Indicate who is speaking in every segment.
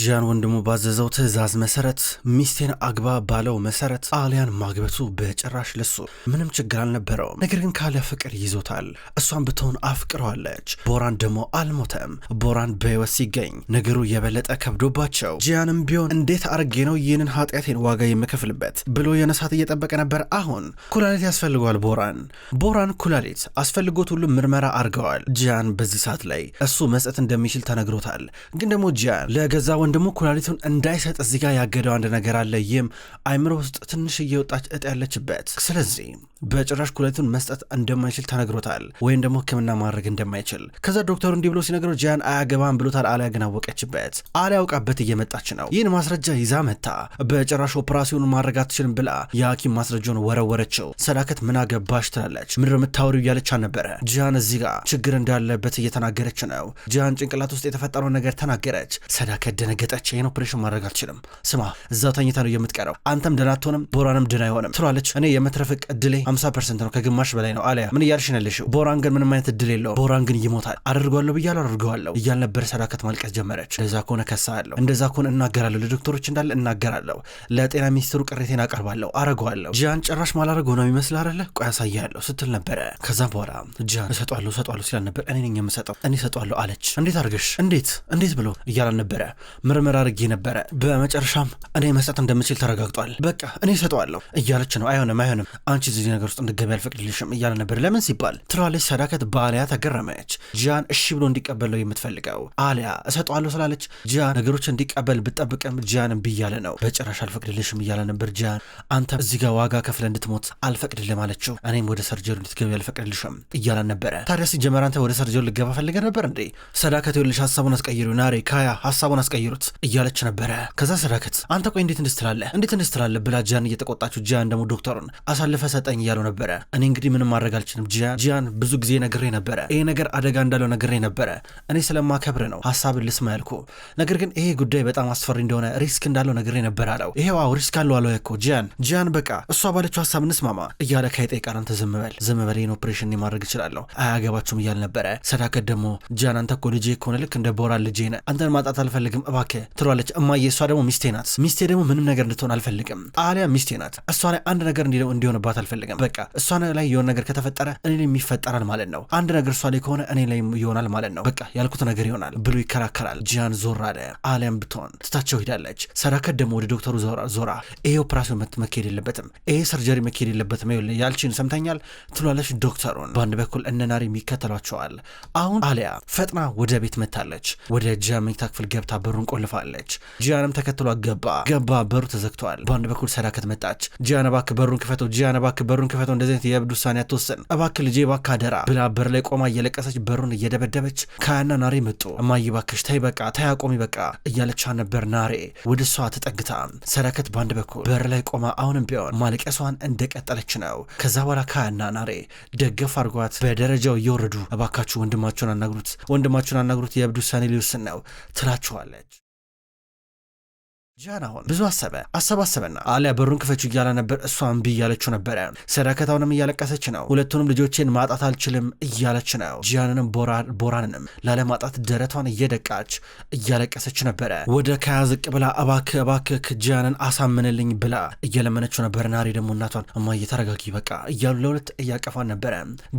Speaker 1: ጂያን ወንድሙ ባዘዘው ትዕዛዝ መሰረት ሚስቴን አግባ ባለው መሰረት አሊያን ማግበቱ በጭራሽ ለሱ ምንም ችግር አልነበረውም። ነገር ግን ካለ ፍቅር ይዞታል። እሷን ብትሆን አፍቅረዋለች። ቦራን ደግሞ አልሞተም። ቦራን በህይወት ሲገኝ ነገሩ የበለጠ ከብዶባቸው ጂያንም ቢሆን እንዴት አርጌ ነው ይህንን ኃጢአቴን ዋጋ የምከፍልበት ብሎ የነሳት እየጠበቀ ነበር። አሁን ኩላሊት ያስፈልገዋል። ቦራን ቦራን ኩላሊት አስፈልጎት ሁሉም ምርመራ አርገዋል ጂያን በዚህ ሰዓት ላይ እሱ መስጠት እንደሚችል ተነግሮታል። ግን ደግሞ ጂያን ለገዛ ወይም ደግሞ ኩላሊቱን እንዳይሰጥ እዚህ ጋር ያገደው አንድ ነገር አለ። ይህም አይምሮ ውስጥ ትንሽ እየወጣች እጥ ያለችበት። ስለዚህ በጭራሽ ኩላሊቱን መስጠት እንደማይችል ተነግሮታል፣ ወይም ደግሞ ሕክምና ማድረግ እንደማይችል። ከዛ ዶክተሩ እንዲህ ብሎ ሲነግረው ጃያን አያገባን ብሎታል። አሊያ ግን አወቀችበት። አሊያ አውቃበት እየመጣች ነው። ይህን ማስረጃ ይዛ መታ። በጭራሽ ኦፕራሲዮን ማድረግ አትችልም ብላ የሐኪም ማስረጃውን ወረወረችው። ሰዳከት ምን አገባሽ ትላለች። ምድር የምታወሪው እያለች አልነበረ። ጃያን እዚህ ጋር ችግር እንዳለበት እየተናገረች ነው። ጃያን ጭንቅላት ውስጥ የተፈጠረውን ነገር ተናገረች። ሰዳከት ደነ ደነገጠች። ይህን ኦፕሬሽን ማድረግ አልችልም። ስማ እዛው ተኝታ ነው የምትቀረው። አንተም ድና አትሆንም፣ ቦራንም ድና አይሆንም ትሏለች። እኔ የመትረፍ እድሌ 50 ፐርሰንት ነው፣ ከግማሽ በላይ ነው። አሊያ ምን እያልሽ ነው ያለሽው? ቦራን ግን ምንም አይነት እድል የለውም። ቦራን ግን ይሞታል። አደርገዋለሁ ብያለሁ፣ አደርገዋለሁ እያል ነበር። ሰዳከት ማልቀስ ጀመረች። እንደዛ ከሆነ ከሳለሁ፣ እንደዛ ከሆነ እናገራለሁ፣ ለዶክተሮች እንዳለ እናገራለሁ፣ ለጤና ሚኒስትሩ ቅሬቴን አቀርባለሁ፣ አረገዋለሁ። ጂያን ጭራሽ ማላረግ ሆነ የሚመስል አለ። ቆይ አሳያለሁ ስትል ነበረ። ከዛ በኋላ ጂያን እሰጧለሁ እሰጧለሁ ሲላል ነበር። እኔ ነኝ የምሰጠው፣ እኔ እሰጧለሁ አለች። እንዴት አድርገሽ እንዴት እንዴት ብሎ እያላን ነበረ ምርምር አድርጌ ነበረ። በመጨረሻም እኔ መስጠት እንደምችል ተረጋግጧል። በቃ እኔ ሰጠዋለሁ እያለች ነው። አይሆንም፣ አይሆንም አንቺ እዚህ ነገር ውስጥ እንድገቢ አልፈቅድልሽም እያለ ነበር። ለምን ሲባል ትላለች ሰዳከት። በአሊያ ተገረመች። ጂያን እሺ ብሎ እንዲቀበለው የምትፈልገው አሊያ እሰጠዋለሁ ስላለች ጂያን ነገሮች እንዲቀበል ብጠብቅም ጂያን እምቢ እያለ ነው። በጭራሽ አልፈቅድልሽም እያለ ነበር። ጂያን አንተ እዚህ ጋር ዋጋ ከፍለ እንድትሞት አልፈቅድልም አለችው። እኔም ወደ ሰርጀሩ እንድትገቢ አልፈቅድልሽም እያለን ነበረ። ታዲያ ሲጀመር አንተ ወደ ሰርጀሩ ልገባ ፈልገ ነበር እንዴ? ሰዳከት ይኸውልሽ ሀሳቡን አስቀይሩ ናሬ ካያ ሀሳቡን አስቀይሩ የሚሉት እያለች ነበረ። ከዛ ሰዳከት አንተ ቆይ እንዴት እንድስትላለህ እንዴት እንድስትላለህ ብላ ጂያን እየተቆጣችው፣ ጂያን ደግሞ ዶክተሩን አሳልፈ ሰጠኝ እያለው ነበረ። እኔ እንግዲህ ምንም ማድረግ አልችልም ጂያን፣ ብዙ ጊዜ ነግሬ ነበረ ይሄ ነገር አደጋ እንዳለው ነግሬ ነበረ። እኔ ስለማከብር ነው ሀሳብን ልስማ ያልኩ፣ ነገር ግን ይሄ ጉዳይ በጣም አስፈሪ እንደሆነ ሪስክ እንዳለው ነግሬ ነበር አለው። ይሄ ዋው ሪስክ አለው አለው እኮ ጂያን። ጂያን በቃ እሷ ባለችው ሀሳብ እንስማማ እያለ ከየጤ ቃል አንተ ዝም በል ዝም በል ይህን ኦፕሬሽን ማድረግ እችላለሁ አያገባችሁም እያል ነበረ። ሰዳከት ደግሞ ጂያን አንተ እኮ ልጄ ከሆነ ልክ እንደ ቦራል ልጄ ነህ አንተን ማጣት አልፈልግም እባ እባክህ ትሏለች። እማዬ እሷ ደግሞ ሚስቴ ናት። ሚስቴ ደግሞ ምንም ነገር እንድትሆን አልፈልግም። አሊያ ሚስቴ ናት። እሷ ላይ አንድ ነገር እንዲሆንባት አልፈልግም። በቃ እሷ ላይ የሆነ ነገር ከተፈጠረ እኔ ላይ ይፈጠራል ማለት ነው። አንድ ነገር እሷ ላይ ከሆነ እኔ ላይ ይሆናል ማለት ነው። በቃ ያልኩት ነገር ይሆናል ብሎ ይከራከራል። ጂያን ዞር አለ። አሊያም ብትሆን ትታቸው ሄዳለች። ሰራከት ደግሞ ወደ ዶክተሩ ዞራ ይሄ ኦፕራሲዮን መካሄድ የለበትም፣ ይሄ ሰርጀሪ መካሄድ የለበትም ያልችን ሰምተኛል ትሏለች ዶክተሩን። በአንድ በኩል እነናሪ የሚከተሏቸዋል። ይከተሏቸዋል። አሁን አሊያ ፈጥና ወደ ቤት መታለች። ወደ ጂያን መኝታ ክፍል ገብታ በሩን ቆልፋለች። ጂያንም ተከትሎ ገባ ገባ። በሩ ተዘግቷል። በአንድ በኩል ሰዳከት መጣች። ጂያን እባክህ በሩን ክፈተው፣ ጂያን እባክህ በሩን ክፈተው፣ እንደዚህ አይነት የእብድ ውሳኔ አትወስን፣ እባክህ ልጄ፣ እባክህ አደራ ብላ በር ላይ ቆማ እየለቀሰች በሩን እየደበደበች ካያና ናሬ መጡ። እማዬ እባክሽ ተይ፣ በቃ ተይ፣ አቆሚ በቃ እያለቻ ነበር። ናሬ ወደ እሷ ተጠግታ ሰዳከት በአንድ በኩል በር ላይ ቆማ አሁንም ቢሆን ማለቀሷን እንደቀጠለች ነው። ከዛ በኋላ ካያና ናሬ ደገፍ አድርጓት በደረጃው እየወረዱ እባካችሁ ወንድማችሁን አናግሩት፣ ወንድማችሁን አናግሩት፣ የእብድ ውሳኔ ሊወስን ነው ትላችኋለች። ጃን አሁን ብዙ አሰበ አሰባሰበና አሊያ በሩን ክፈች እያለ ነበር። እሷ እምቢ እያለችው ነበረ። ሰዳከታውንም እያለቀሰች ነው። ሁለቱንም ልጆቼን ማጣት አልችልም እያለች ነው። ጂያንንም ቦራንንም ላለማጣት ደረቷን እየደቃች እያለቀሰች ነበረ። ወደ ከያ ዝቅ ብላ እባክህ እባክህ ጂያንን አሳምንልኝ ብላ እየለመነችው ነበር። ናሪ ደግሞ እናቷን እማዬ ተረጋጊ በቃ እያሉ ለሁለት እያቀፋን ነበረ።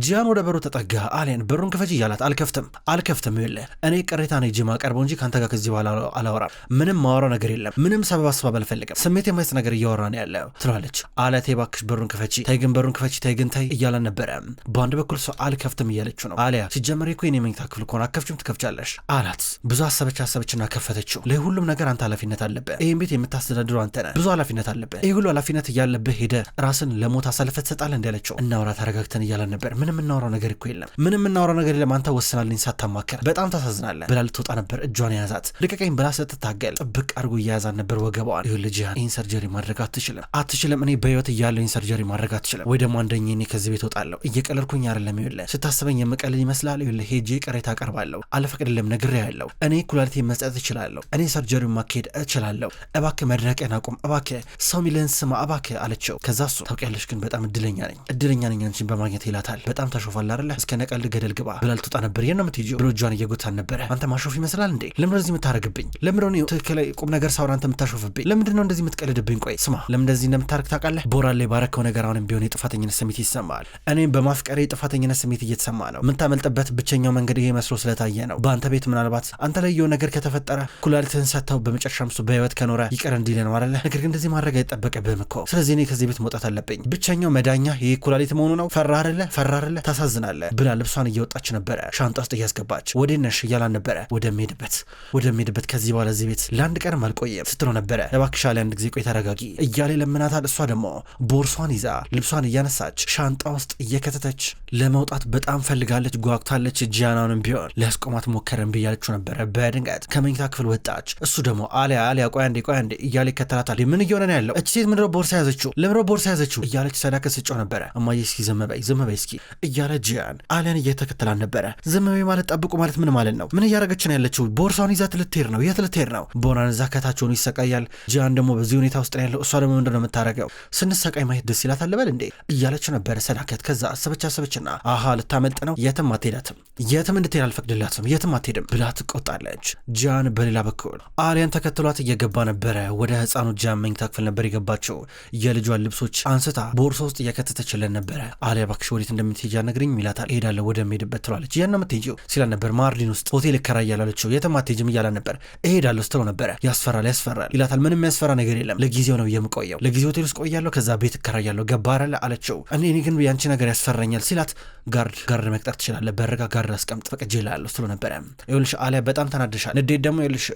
Speaker 1: ጂያን ወደ በሩ ተጠጋ። አሊያን በሩን ክፈች እያላት አልከፍትም አልከፍትም ይለ እኔ ቅሬታ ነ ጅማ ቀርበው እንጂ ከአንተ ጋር ከዚህ በኋላ አላወራም። ምንም ማወራው ነገር የለም ምንም ሰበብ አስባብ አልፈልግም። ስሜት የማይስ ነገር እያወራ ነው ያለው ትለዋለች። አለቴ ባክሽ በሩን ክፈቺ፣ ታይ ግን በሩን ክፈቺ፣ ታይ ግን ታይ እያላን ነበረ። በአንድ በኩል ሰው አልከፍትም እያለችው ነው። አሊያ ሲጀመር እኮ የኔ መኝታ ክፍል ከሆነ አከፍችም ትከፍቻለሽ አላት። ብዙ አሰበች አሰበችና ከፈተችው። ለሁሉም ነገር አንተ ኃላፊነት አለብህ። ይህን ቤት የምታስተዳድረው አንተ ነህ። ብዙ ኃላፊነት አለብህ። ይህ ሁሉ ኃላፊነት እያለብህ ሄደ ራስን ለሞት አሳልፈ ትሰጣለህ እንዳለችው እናውራ፣ ተረጋግተን እያላን ነበር። ምንም እናውራው ነገር እኮ የለም። ምንም እናውራው ነገር የለም። አንተ ወስናልኝ ሳታማከር በጣም ታሳዝናለህ ብላ ልትወጣ ነበር። እጇን የያዛት ልቀቀኝ ብላ ስትታገል ጥብቅ አድርጎ እያያዛ እያለቻት ነበር ወገባዋን። ይህ ልጅ ይህን ሰርጀሪ ማድረግ አትችልም አትችልም። እኔ በህይወት እያለሁ ይህን ሰርጀሪ ማድረግ አትችልም። ወይ ደግሞ አንደኛ እኔ ከዚህ ቤት እወጣለሁ። እየቀለድኩኝ አይደለም። ይኸውልህ ስታስበኝ የምቀልል ይመስላል። ይኸውልህ ሄጄ ቅሬታ አቀርባለሁ። አልፈቅድልም። ነግሬሃለሁ። እኔ ኩላሊቴ መስጠት እችላለሁ። እኔ ሰርጀሪ ማካሄድ እችላለሁ። እባክህ መድነቅህን አቁም። እባክህ ሰው ሚልህን ስማ እባክህ አለችው። ከዛ እሱ ታውቂያለሽ፣ ግን በጣም እድለኛ ነኝ እድለኛ ነኝ አንቺን በማግኘት ይላታል። በጣም ታሾፋል አይደለ? እስከ ነቀልድ ገደል ግባ ብላል ትወጣ ነበር። የት ነው የምትሄጂው ብሎ እጇን እየጎታን ነበረ። አንተ ማሾፍ ይመስላል እንዴ? ለምንድን ነው እዚህ የምታረግብኝ? ለምንድን ነው ትክክል ቁም ነገር ሳውራ አንተ የምታሾፍብኝ? ለምንድን ነው እንደዚህ የምትቀልድብኝ? ቆይ ስማ፣ ለምን እንደዚህ እንደምታርግ ታውቃለህ? ቦራን ላይ ባረከው ነገር አሁንም ቢሆን የጥፋተኝነት ስሜት ይሰማል። እኔም በማፍቀሬ የጥፋተኝነት ስሜት እየተሰማ ነው። የምታመልጥበት ብቸኛው መንገድ ይሄ መስሎ ስለታየ ነው። በአንተ ቤት ምናልባት አንተ ላይ የሆነ ነገር ከተፈጠረ ኩላሊትህን ሰጥተው በመጨረሻም እሱ በህይወት ከኖረ ይቀር ነው ማለለ። ነገር ግን እንደዚህ ማድረግ አይጠበቅብህም እኮ። ስለዚህ እኔ ከዚህ ቤት መውጣት አለብኝ። ብቸኛው መዳኛ ይሄ ኩላሊት መሆኑ ነው። ፈራ አይደለ? ፈራ አይደለ? ታሳዝናለ ብላ ልብሷን እየወጣች ነበረ። ሻንጣ ውስጥ እያስገባች ወዴት ነሽ እያላን ነበረ። ወደሚሄድበት ወደሚሄድበት ከዚህ በኋላ እዚህ ቤት ለአንድ ቀንም አልቆየም። ስትሎ ነበረ። እባክሽ አሊ አንድ ጊዜ ቆይ ተረጋጊ እያለ ለምናታል። እሷ ደግሞ ቦርሷን ይዛ ልብሷን እያነሳች ሻንጣ ውስጥ እየከተተች ለመውጣት በጣም ፈልጋለች፣ ጓግታለች። ጂያናውንም ቢሆን ሊያስቆማት ሞከረን ብያለችው ነበረ። በድንገት ከመኝታ ክፍል ወጣች። እሱ ደግሞ አሊያ አሊያ ቆይ አንዴ ቆይ አንዴ እያለ ይከተላታል። ምን እየሆነ ነው ያለው? እች ሴት ምንድነው ቦርሳ ያዘችው? ለምንድነው ቦርሳ ያዘችው? እያለች ሰዳከት ስጮህ ነበረ። እማዬ እስኪ ዝም በይ ዝም በይ እስኪ እያለ ጂያን አሊያን እየተከተላን ነበረ። ዝም በይ ማለት ጠብቁ ማለት ምን ማለት ነው? ምን እያደረገች ነው ያለችው? ቦርሳውን ይዛ ልትሄድ ነው? የት ልትሄድ ነው? ቦናን እዛ ከታቸውን ይሰቃያል። ጂያን ደግሞ በዚህ ሁኔታ ውስጥ ያለው እሷ ደግሞ ምንድነው የምታደርገው? ስንሰቃይ ማየት ደስ ይላት አለበል እንዴ እያለች ነበረ ሰዳከት። ከዛ አሰበች አሰበችና አሀ ልታመልጥ ነው፣ የትም አትሄዳትም፣ የትም እንድትሄድ አልፈቅድላትም፣ የትም አትሄድም ብላ ትቆጣለች። ጂያን በሌላ በኩል አሊያን ተከትሏት እየገባ ነበረ። ወደ ህፃኑ ጂያን መኝታ ክፍል ነበር የገባቸው። የልጇን ልብሶች አንስታ ቦርሳ ውስጥ እየከተተችለን ነበረ። አሊያ እባክሽ ወዴት እንደምትሄጃ ነግሪኝ ይላታል። እሄዳለሁ ወደምሄድበት ትሏለች። ያን ነው የምትሄጂው ሲላ ነበር። ማርዲን ውስጥ ሆቴል እከራያለሁ አለችው። የትም አትሄጂም እያላ ነበር። እሄዳለሁ ስትለው ነበረ። ያስፈራል ያስፈራል ይሰራል ይላታል። ምንም የሚያስፈራ ነገር የለም፣ ለጊዜው ነው የምቆየው፣ ለጊዜ ሆቴል ውስጥ ቆያለሁ፣ ከዛ ቤት እከራያለሁ፣ ገባህ አይደል አለችው። እኔ እኔ ግን ያንቺ ነገር ያስፈራኛል ሲላት፣ ጋርድ ጋርድ መቅጠር ትችላለህ፣ በረጋ ጋርድ አስቀምጥ፣ ፈቅጄ እልሃለሁ ስሎ ነበረ። ይኸውልሽ አሊያ በጣም ተናድሻል፣ ንዴት ደግሞ ይኸውልሽ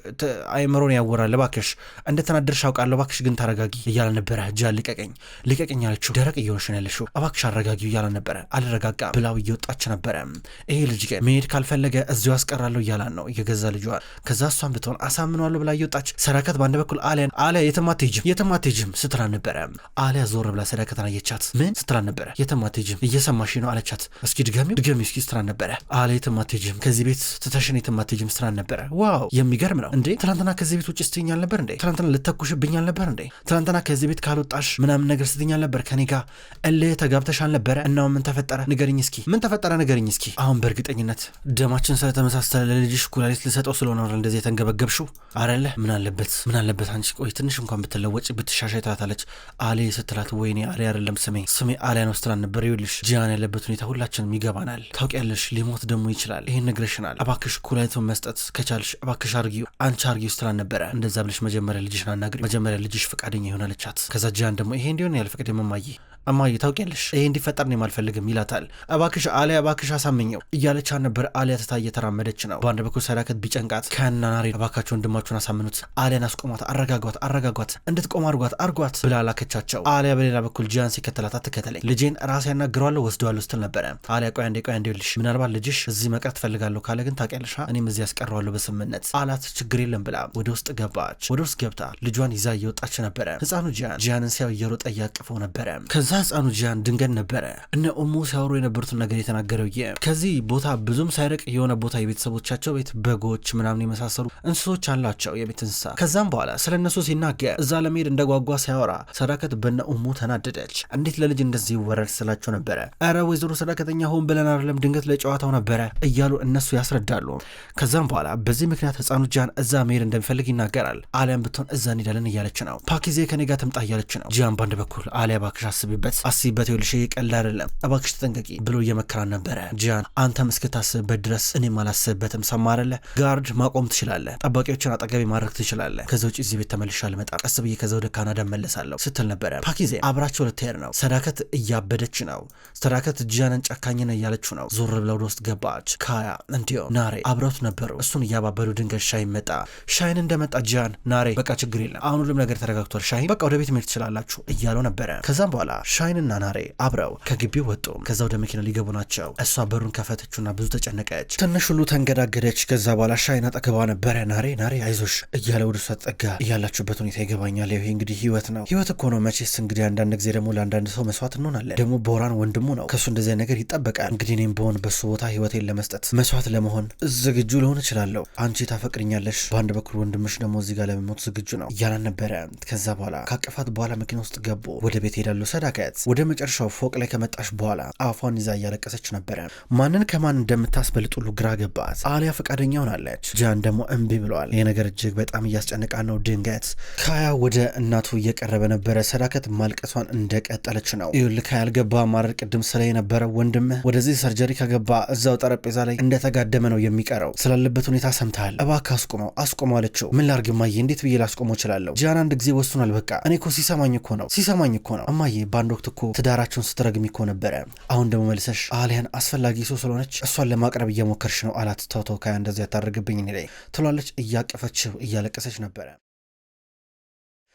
Speaker 1: አይምሮን ያወራል፣ እባክሽ እንደ ተናድርሽ አውቃለሁ፣ እባክሽ ግን ተረጋጊ እያለ ነበረ። እጃ ልቀቀኝ፣ ልቀቀኝ አለችው። ደረቅ እየሆንሽ ነው ያለሽው፣ እባክሽ አረጋጊው እያለ ነበረ። አልረጋጋ ብላው እየወጣች ነበረ። ይሄ ልጅ ግን መሄድ ካልፈለገ እዚሁ ያስቀራለሁ እያላን ነው የገዛ ልጇ። ከዛ እሷን ብትሆን አሳምነዋለሁ ብላ እየወጣች ሰራከት በአንድ በኩል አሊያን አሊያ የተማቴጅም የተማቴጅም ስትላ ነበረ። አሊያ ዞር ብላ ሰዳከትን አየቻት። ምን ስትላ ነበረ? የተማቴጅም እየሰማሽ ነው አለቻት። እስኪ ድጋሚ ድጋሚ እስኪ ስትላ ነበረ። አሊያ የተማቴጅም ከዚህ ቤት ትተሽን የተማቴጅም ስትላ ነበረ። ዋው የሚገርም ነው እንዴ! ትናንትና ከዚህ ቤት ውጭ ስትኛል ነበር እንዴ? ትናንትና ልተኩሽብኝ ነበር እንዴ? ትናንትና ከዚህ ቤት ካልወጣሽ ምናምን ነገር ስትኛል ነበር ከኔ ጋር እልህ ተጋብተሽ አልነበረ? እናው ምን ተፈጠረ? ንገርኝ እስኪ ምን ተፈጠረ? ንገርኝ እስኪ። አሁን በእርግጠኝነት ደማችን ስለተመሳሰለ ለልጅሽ ኩላሊት ልሰጠው ስለሆነ እንደዚህ የተንገበገብሽው አረለ ምን አለበት ምን አለበት አንቺ ቆይ ትንሽ እንኳን ብትለወጭ ብትሻሻይ ትላታለች። አሌ ስትላት ወይኔ አሌ አይደለም ስሜ ስሜ አሊያ ነው ስትላት ነበር። ይኸውልሽ ጂያን ያለበት ሁኔታ ሁላችንም ይገባናል። ታውቂያለሽ ሊሞት ደግሞ ይችላል። ይሄን ነግረሽናል። እባክሽ ኩላሊቱን መስጠት ከቻልሽ እባክሽ አርጊው አንቺ አርጊው ስትላት ነበረ። እንደዛ ብለሽ መጀመሪያ ልጅሽን አናግሪ፣ መጀመሪያ ልጅሽ ፈቃደኛ ይሆናለቻት። ከዛ ጂያን ደግሞ ይሄ እንዲሆን ያልፈቀደ መማዬ እማዬ ታውቂያለሽ ይሄ እንዲፈጠር እኔም አልፈልግም ይላታል። እባክሽ አሊያ እባክሽ አሳመኘው እያለች ነበር። አሊያ ትታ እየተራመደች ነው። በአንድ በኩል ሰዳከት ቢጨንቃት ከና ናሬ እባካችሁ ወንድማችሁን አሳምኑት፣ አሊያን አስቆሟት፣ አረጋጓት፣ አረጋጓት፣ እንድትቆም አድርጓት፣ አርጓት ብላ ላከቻቸው። አሊያ በሌላ በኩል ጂያን ሲከተላት አትከተለኝ፣ ልጄን ራሴ ያናግረዋለሁ ወስደዋለሁ ስትል ነበረ። አሊያ ቆይ አንዴ ቆይ አንዴ ልሽ ምናልባት ልጅሽ እዚህ መቅረት ትፈልጋለሁ ካለ ግን ታውቂያለሽ እኔም እዚህ ያስቀረዋለሁ በስምምነት አላት። ችግር የለም ብላ ወደ ውስጥ ገባች። ወደ ውስጥ ገብታ ልጇን ይዛ እየወጣች ነበረ። ህፃኑ ጂያን ጂያንን ሲያው እየሮጠ እያቅፈው ነበረ ከዛ ህፃኑ ጂያን ድንገት ነበረ እነ ኦሞ ሲያወሩ የነበሩትን ነገር የተናገረው ይ ከዚህ ቦታ ብዙም ሳይርቅ የሆነ ቦታ የቤተሰቦቻቸው ቤት በጎች ምናምን የመሳሰሉ እንስሶች አላቸው የቤት እንስሳ። ከዛም በኋላ ስለ እነሱ ሲናገር እዛ ለመሄድ እንደ ጓጓ ሲያወራ ሰዳከት በነ ኦሞ ተናደደች። እንዴት ለልጅ እንደዚህ ይወረድ ስላቸው ነበረ። እረ ወይዘሮ ሰዳከተኛ ሆን ብለን አይደለም ድንገት ለጨዋታው ነበረ እያሉ እነሱ ያስረዳሉ። ከዛም በኋላ በዚህ ምክንያት ህፃኑ ጂያን እዛ መሄድ እንደሚፈልግ ይናገራል። አሊያም ብትሆን እዛ እንሄዳለን እያለች ነው። ፓኪዜ ከኔ ጋር ትምጣ እያለች ነው። ጂያን ባንድ በኩል አሊያ ባክሽ አስቢ አስቢበት፣ አስቢበት ይኸውልሽ ቀላል አይደለም፣ እባክሽ ተጠንቀቂ ብሎ እየመከራን ነበረ። ጂያን አንተም እስክታስብበት ድረስ እኔም አላስብበትም። ሰማረለ ጋርድ ማቆም ትችላለህ፣ ጠባቂዎችን አጠገቤ ማድረግ ትችላለህ። ከዚ ውጭ እዚህ ቤት ተመልሻ አልመጣም፣ ቀስ ብዬ ከዚ ወደ ካናዳ መለሳለሁ ስትል ነበረ። ፓኪዜ አብራቸው ልትሄድ ነው። ሰዳከት እያበደች ነው። ሰዳከት ጂያንን ጨካኝን እያለችው ነው። ዞር ብላ ወደ ውስጥ ገባች። ካያ እንዲሁም ናሬ አብረውት ነበሩ። እሱን እያባበሉ ድንገት ሻይን መጣ። ሻይን እንደመጣ ጂያን ናሬ በቃ ችግር የለም አሁን ሁሉም ነገር ተረጋግቷል፣ ሻይን በቃ ወደ ቤት መሄድ ትችላላችሁ እያለው ነበረ። ከዛም በኋላ ሻይንና ናሬ አብረው ከግቢው ወጡ። ከዛ ወደ መኪና ሊገቡ ናቸው። እሷ በሩን ከፈተችና ብዙ ተጨነቀች። ትንሽ ሁሉ ተንገዳገደች። ከዛ በኋላ ሻይን አጠገቧ ነበረ። ናሬ ናሬ አይዞሽ እያለ ወደ እሷ ጠጋ። እያላችሁበት ሁኔታ ይገባኛል። ይሄ እንግዲህ ህይወት ነው፣ ህይወት እኮ ነው። መቼስ እንግዲህ አንዳንድ ጊዜ ደግሞ ለአንዳንድ ሰው መስዋዕት እንሆናለን። ደግሞ ቦራን ወንድሙ ነው፣ ከእሱ እንደዚ ነገር ይጠበቃል። እንግዲህ እኔም በሆን በሱ ቦታ ህይወቴን ለመስጠት መስዋዕት ለመሆን ዝግጁ ልሆን እችላለሁ። አንቺ ታፈቅድኛለሽ በአንድ በኩል ወንድምሽ ደግሞ እዚህ ጋር ለመሞት ዝግጁ ነው እያላን ነበረ። ከዛ በኋላ ካቀፋት በኋላ መኪና ውስጥ ገቡ። ወደ ቤት ሄዳሉ። ሰዳ ተመልከት። ወደ መጨረሻው ፎቅ ላይ ከመጣች በኋላ አፏን ይዛ እያለቀሰች ነበረ። ማንን ከማን እንደምታስበልጡሉ ግራ ገባት። አሊያ ፈቃደኛ ሆናለች፣ ጃን ደግሞ እምቢ ብለዋል። ይህ ነገር እጅግ በጣም እያስጨነቃ ነው። ድንገት ካያ ወደ እናቱ እየቀረበ ነበረ። ሰዳከት ማልቀሷን እንደቀጠለች ነው። ይኸውልህ ካያ ያልገባ ማረር ቅድም ስለ የነበረ ወንድምህ ወደዚህ ሰርጀሪ ከገባ እዛው ጠረጴዛ ላይ እንደተጋደመ ነው የሚቀረው። ስላለበት ሁኔታ ሰምተሃል። እባክህ አስቁመው፣ አስቁመው አለችው። ምን ላርግ ማዬ፣ እንዴት ብዬ ላስቆመው እችላለሁ? ጃን አንድ ጊዜ ወስኗል። በቃ እኔ እኮ ሲሰማኝ እኮ ነው ሲሰማኝ እኮ ነው እማዬ አንድ ወቅት እኮ ትዳራቸውን ስትረግሚ እኮ ነበረ። አሁን ደግሞ መልሰሽ አሊያን አስፈላጊ ሰው ስለሆነች እሷን ለማቅረብ እየሞከርሽ ነው አላት። ተው ተው ካያ እንደዚያ ያታደርግብኝ እኔ ላይ ትሏለች። እያቀፈችው እያለቀሰች ነበረ።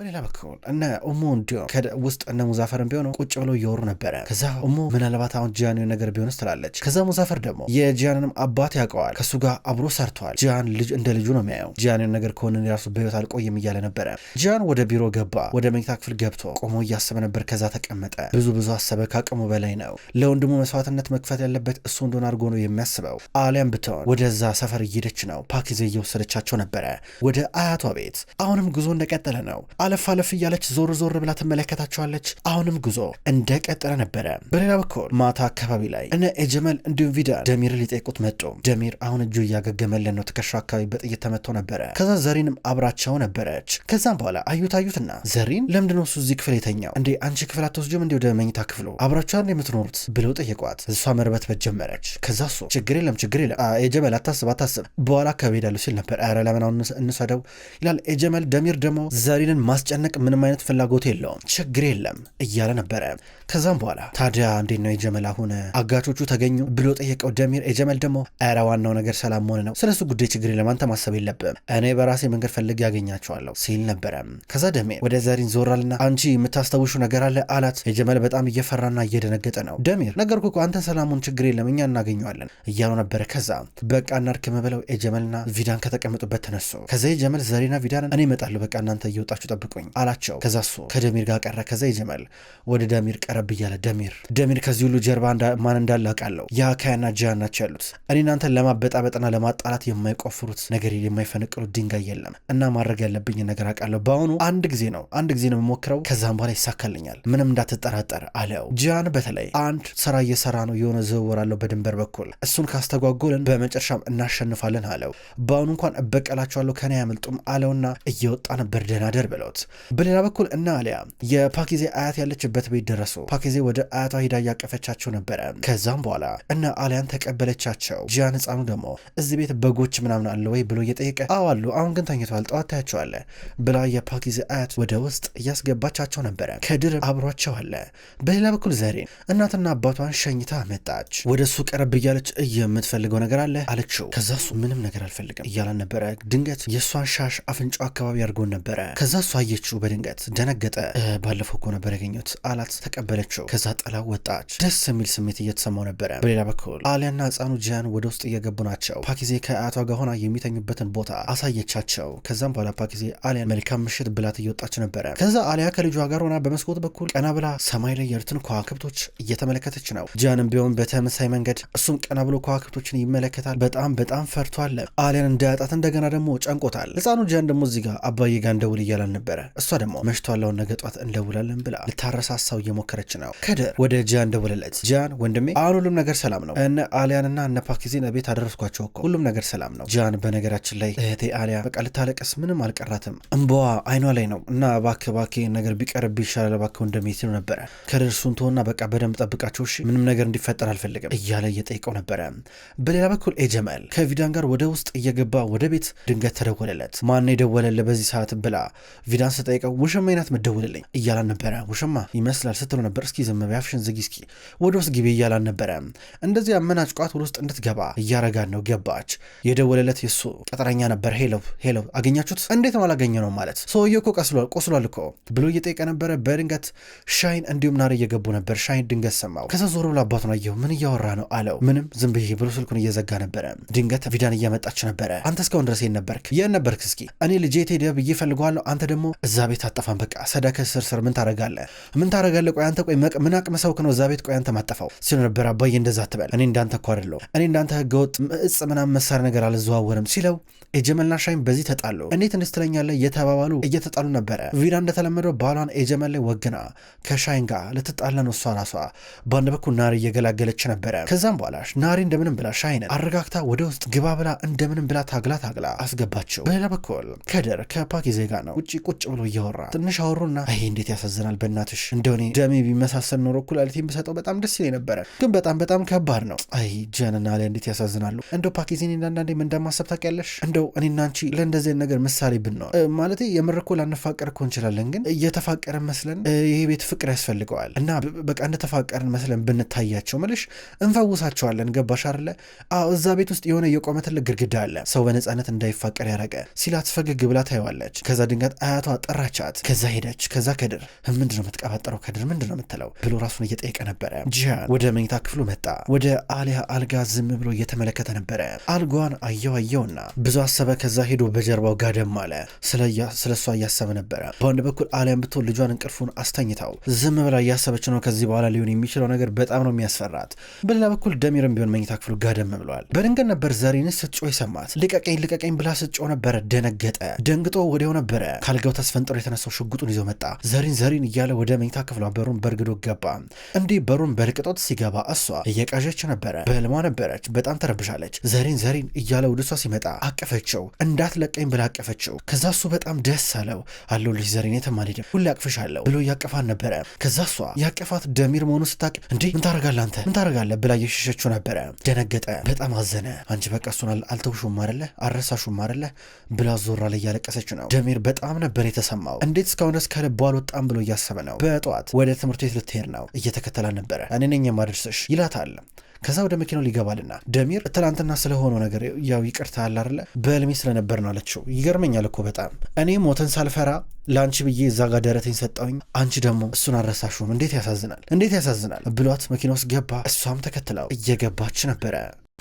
Speaker 1: በሌላ በኩል እነ ኦሞ እንዲሁም ውስጥ እነ ሙዛፈርን ቢሆኑ ቁጭ ብለው እየወሩ ነበረ። ከዛ ኦሞ ምናልባት አሁን ጂያን ነገር ቢሆንስ ትላለች። ከዛ ሙዛፈር ደግሞ የጂያንንም አባት ያውቀዋል፣ ከሱ ጋር አብሮ ሰርቷል። ጂያን ልጅ እንደ ልጁ ነው የሚያየው። ጂያን ነገር ከሆነ የራሱ በህይወት አልቆይም እያለ ነበረ። ጂያን ወደ ቢሮ ገባ። ወደ መኝታ ክፍል ገብቶ ቆሞ እያሰበ ነበር። ከዛ ተቀመጠ። ብዙ ብዙ አሰበ። ከአቅሙ በላይ ነው። ለወንድሙ መስዋዕትነት መክፈት ያለበት እሱ እንደሆነ አድርጎ ነው የሚያስበው። አሊያም ብትሆን ወደዛ ሰፈር እየሄደች ነው። ፓክ ይዘ እየወሰደቻቸው ነበረ ወደ አያቷ ቤት። አሁንም ጉዞ እንደቀጠለ ነው። አለፍ አለፍ እያለች ዞር ዞር ብላ ትመለከታቸዋለች። አሁንም ጉዞ እንደቀጠለ ነበረ። በሌላ በኩል ማታ አካባቢ ላይ እነ ኤጀመል እንዲሁም ቪዳን ደሚር ሊጠይቁት መጡ። ደሚር አሁን እጁ እያገገመልን ነው፣ ትከሻው አካባቢ በጥይት ተመቶ ነበረ። ከዛ ዘሪንም አብራቸው ነበረች። ከዛም በኋላ አዩት አዩትና ዘሪን ለምንድን ነው እሱ እዚህ ክፍል የተኛው እንዴ? አንቺ ክፍል አትወስጂም እንዲ ወደ መኝታ ክፍሉ አብራችኋን የምትኖሩት ብለው ጠየቋት። እሷ መርበትበት ጀመረች። ከዛ እሱ ችግር የለም ችግር የለም ኤጀመል አታስብ አታስብ በኋላ አካባቢ ሄዳለሁ ሲል ነበር። ኧረ ለምን አሁን እንሰደው ይላል ኤጀመል። ደሚር ደግሞ ዘሪንን ለማስጨነቅ ምንም አይነት ፍላጎት የለውም፣ ችግር የለም እያለ ነበረ። ከዛም በኋላ ታዲያ እንዴት ነው የጀመል አሁን አጋቾቹ ተገኙ ብሎ ጠየቀው ደሚር። የጀመል ደግሞ ኧረ ዋናው ነገር ሰላም መሆን ነው፣ ስለሱ ጉዳይ ችግር አንተ ማሰብ የለብም፣ እኔ በራሴ መንገድ ፈልግ ያገኛቸዋለሁ ሲል ነበረ። ከዛ ደሚር ወደ ዘሪን ዞራልና አንቺ የምታስታውሹ ነገር አለ አላት። የጀመል በጣም እየፈራና እየደነገጠ ነው። ደሚር ነገርኩ እኮ አንተ ሰላሙን ችግር የለም እኛ እናገኘዋለን እያለው ነበረ። ከዛ በቃ እናድክም ብለው የጀመልና ቪዳን ከተቀመጡበት ተነሱ። ከዛ የጀመል ዘሪና ቪዳንን እኔ እመጣለሁ በቃ እናንተ እየወጣችሁ ጠብቁኝ አላቸው። ከዛ እሱ ከደሚር ጋር ቀረ። ከዛ ይጀመል ወደ ደሚር ቀረብ እያለ ደሚር ደሚር ከዚህ ሁሉ ጀርባ ማን እንዳለ አውቃለሁ። ካያና ጃን ናቸው ያሉት። እኔ እናንተን ለማበጣበጥና ለማጣላት የማይቆፍሩት ነገር የማይፈነቅሉት ድንጋይ የለም እና ማድረግ ያለብኝ ነገር አውቃለሁ። በአሁኑ አንድ ጊዜ ነው አንድ ጊዜ ነው የምሞክረው። ከዛም በኋላ ይሳካልኛል፣ ምንም እንዳትጠራጠር አለው። ጃን በተለይ አንድ ስራ እየሰራ ነው፣ የሆነ ዝውውር አለው በድንበር በኩል እሱን ካስተጓጎልን በመጨረሻም እናሸንፋለን አለው። በአሁኑ እንኳን እበቀላቸዋለሁ ከኔ አያመልጡም አለውና እየወጣ ነበር። ደናደር ብለው ያሉት። በሌላ በኩል እና አሊያ የፓኪዜ አያት ያለችበት ቤት ደረሱ። ፓኪዜ ወደ አያቷ ሂዳ እያቀፈቻቸው ነበረ። ከዛም በኋላ እና አሊያን ተቀበለቻቸው። ጂያን ህፃኑ ደግሞ እዚህ ቤት በጎች ምናምን አለ ወይ ብሎ እየጠየቀ አዎ አሉ፣ አሁን ግን ተኝተዋል፣ ጠዋት ታያቸዋለ ብላ የፓኪዜ አያት ወደ ውስጥ እያስገባቻቸው ነበረ። ከድር አብሯቸው አለ። በሌላ በኩል ዘሬን እናትና አባቷን ሸኝታ መጣች። ወደ እሱ ቀረብ እያለች የምትፈልገው ነገር አለ አለችው። ከዛ እሱ ምንም ነገር አልፈልግም እያላን ነበረ። ድንገት የእሷን ሻሽ አፍንጫ አካባቢ አድርጎን ነበረ። ከዛ እሷ አየችው፣ በድንገት ደነገጠ። ባለፈው እኮ ነበር ያገኘት አላት። ተቀበለችው። ከዛ ጥላው ወጣች። ደስ የሚል ስሜት እየተሰማው ነበረ። በሌላ በኩል አሊያና ህፃኑ ጂያን ወደ ውስጥ እየገቡ ናቸው። ፓኪዜ ከአያቷ ጋር ሆና የሚተኙበትን ቦታ አሳየቻቸው። ከዛም በኋላ ፓኪዜ አሊያን መልካም ምሽት ብላት እየወጣች ነበረ። ከዛ አሊያ ከልጇ ጋር ሆና በመስኮት በኩል ቀና ብላ ሰማይ ላይ ያሉትን ከዋክብቶች እየተመለከተች ነው። ጂያንም ቢሆን በተመሳይ መንገድ እሱም ቀና ብሎ ከዋክብቶችን ይመለከታል። በጣም በጣም ፈርቷል። አሊያን እንዳያጣት እንደገና ደግሞ ጨንቆታል። ህፃኑ ጂያን ደግሞ እዚህ ጋር አባዬ ጋር እንደውል እያላል ነበር ነበረ። እሷ ደግሞ መሽቷለውን ነገ ጧት እንደውላለን ብላ ልታረሳሳው እየሞከረች ነው። ከድር ወደ ጃን ደወለለት። ጃን ወንድሜ፣ አሁን ሁሉም ነገር ሰላም ነው። እነ አሊያንና እነ ፓኪዜን ቤት አደረስኳቸው እኮ ሁሉም ነገር ሰላም ነው። ጃን፣ በነገራችን ላይ እህቴ አሊያ በቃ ልታለቀስ ምንም አልቀራትም፣ እምባዋ አይኗ ላይ ነው እና እባክህ እባክህ ነገር ቢቀርብ ይሻላል እባክህ ወንድሜ ሲሉ ነበረ። ከድር እሱን ተወና በቃ በደንብ ጠብቃቸው እሺ፣ ምንም ነገር እንዲፈጠር አልፈልግም እያለ እየጠይቀው ነበረ። በሌላ በኩል ኤጀመል ከቪዳን ጋር ወደ ውስጥ እየገባ ወደ ቤት ድንገት ተደወለለት። ማን የደወለለ በዚህ ሰዓት ብላ ሜዳን ስጠይቀው ውሽማ አይናት መደውልልኝ እያላን ነበረ። ውሽማ ይመስላል ስትሎ ነበር። እስኪ ዝም በይ አፍሽን ዝጊ፣ እስኪ ወደ ውስጥ ግቢ እያላን ነበረ። እንደዚህ አመናጭ ቋት ወደ ውስጥ እንድትገባ እያረጋን ነው። ገባች። የደወለለት የሱ ቀጠረኛ ነበር። ሄለው ሄለው፣ አገኛችሁት? እንዴት ነው አላገኘ ነው ማለት ሰውዬው እኮ ቆስሏል ቆስሏል እኮ ብሎ እየጠየቀ ነበረ። በድንገት ሻይን እንዲሁም ናሬ እየገቡ ነበር። ሻይን ድንገት ሰማው። ከዛ ዞሮ ብሎ ነው አየው። ምን እያወራ ነው አለው። ምንም ዝም ብዬ ብሎ ስልኩን እየዘጋ ነበረ። ድንገት ቪዳን እያመጣች ነበረ። አንተ እስካሁን ድረስ የት ነበርክ? የት ነበርክ? እስኪ እኔ ልጄ ቴዲ ብዬ ፈልገዋለሁ አንተ ደግሞ ደግሞ እዛ ቤት አጠፋን። በቃ ሰዳከ ስርስር ምን ታረጋለ? ምን ታረጋለ? ቆይ አንተ ቆይ ምን አቅመ ሰውክ ነው እዛ ቤት ቆይ አንተ ማጠፋው ሲሉ ነበር። አባዬ እንደዛ ትበል እኔ እንዳንተ እኮ አይደለሁም። እኔ እንዳንተ ህገወጥ እጽ ምናምን መሳሪያ ነገር አልዘዋወርም ሲለው ኤጀመልና ሻይን በዚህ ተጣሉ። እኔ ትንሽ ትለኛለህ እየተባባሉ እየተጣሉ ነበረ። ቪራ እንደተለመደው ባሏን ኤጀመል ላይ ወግና ከሻይን ጋር ልትጣለን እሷ ራሷ በአንድ በኩል ናሪ እየገላገለች ነበረ። ከዛም በኋላ ናሪ እንደምንም ብላ ሻይንን አረጋግታ ወደ ውስጥ ግባ ብላ እንደምንም ብላ ታግላ ታግላ አስገባቸው። በሌላ በኩል ከደር ከፓኪ ዜጋ ነው ውጭ ቁጭ ብሎ እያወራ ትንሽ አወሩና፣ ይሄ እንዴት ያሳዝናል በእናትሽ እንደሆኔ ደሜ ቢመሳሰል ኖሮ ኩላሊቴ ብሰጠው በጣም ደስ ይለኝ ነበረ፣ ግን በጣም በጣም ከባድ ነው። አይ ጀንና ላይ እንዴት ያሳዝናሉ። እንደው ፓኪ ዜኔ አንዳንዴ ምን እንደማሰብ ታውቂያለሽ እንደው እንደው እኔና አንቺ ለእንደዚህ ነገር ምሳሌ ብንሆን ማለት የምር እኮ ላንፋቀር እኮ እንችላለን፣ ግን እየተፋቀረን መስለን ይሄ ቤት ፍቅር ያስፈልገዋል እና በቃ እንደተፋቀርን መስለን ብንታያቸው መልሽ እንፈውሳቸዋለን። ገባሽ አለ እዛ ቤት ውስጥ የሆነ የቆመ ትልቅ ግድግዳ አለ፣ ሰው በነፃነት እንዳይፋቀር ያረቀ ሲላት ፈገግ ብላ ታየዋለች። ከዛ ድንጋት አያቷ ጠራቻት። ከዛ ሄደች። ከዛ ከድር ምንድን ነው የምትቀባጠረው? ከድር ምንድን ነው የምትለው ብሎ ራሱን እየጠየቀ ነበረ። ጂሃን ወደ መኝታ ክፍሉ መጣ። ወደ አሊያ አልጋ ዝም ብሎ እየተመለከተ ነበረ። አልጓን አየው አየውና ብዙ እያሰበ ከዛ ሄዶ በጀርባው ጋደም አለ። ስለ እሷ እያሰበ ነበረ። በአንድ በኩል አሊያም ብትሆን ልጇን እንቅልፉን አስተኝታው ዝም ብላ እያሰበች ነው። ከዚህ በኋላ ሊሆን የሚችለው ነገር በጣም ነው የሚያስፈራት። በሌላ በኩል ደሚርም ቢሆን መኝታ ክፍሉ ጋደም ብሏል። በድንገት ነበር ዘሬን ስትጮ ይሰማት ልቀቀኝ ልቀቀኝ ብላ ስትጮ ነበረ። ደነገጠ። ደንግጦ ወዲያው ነበረ ካልጋው ተስፈንጥሮ የተነሳው ሽጉጡን ይዞ መጣ። ዘሪን ዘሪን እያለ ወደ መኝታ ክፍሏ በሩን በርግዶ ገባ። እንዲህ በሩን በልቅጦት ሲገባ እሷ እየቃዠች ነበረ። በህልሟ ነበረች። በጣም ተረብሻለች። ዘሪን ዘሪን እያለ ወደ እሷ ሲመጣ አቀፈች። አቀፈችው። እንዳትለቀኝ ብላ አቀፈችው። ከዛ እሱ በጣም ደስ አለው። አለሁልሽ ዘሬን የተማን ደም ሁሌ አቅፍሻለሁ ብሎ እያቀፋን ነበረ። ከዛ እሷ ያቀፋት ደሚር መሆኑ ስታቅ እንዴ ምን ታረጋለህ አንተ ምን ታረጋለህ ብላ እየሸሸችው ነበረ። ደነገጠ፣ በጣም አዘነ። አንቺ በቃ እሱን አልተውሹም አደለ አረሳሹም አደለ ብላ ዞራ ላይ እያለቀሰችው ነው። ደሚር በጣም ነበር የተሰማው። እንዴት እስካሁን እስከ ልቧ አልወጣም ብሎ እያሰበ ነው። በጠዋት ወደ ትምህርት ቤት ልትሄድ ነው። እየተከተላ ነበረ። እኔ ነኝ የማደርስሽ ይላታል። ከዛ ወደ መኪናው ሊገባልና ደሚር ትናንትና ስለሆነው ነገር ያው ይቅርታ አለ አይደለ በህልሜ ስለነበር ነው አለችው። ይገርመኛል እኮ በጣም እኔ ሞተን ሳልፈራ ለአንቺ ብዬ እዛ ጋር ደረተኝ ሰጠውኝ፣ አንቺ ደግሞ እሱን አረሳሹም። እንዴት ያሳዝናል! እንዴት ያሳዝናል! ብሏት መኪና ውስጥ ገባ። እሷም ተከትላው እየገባች ነበረ።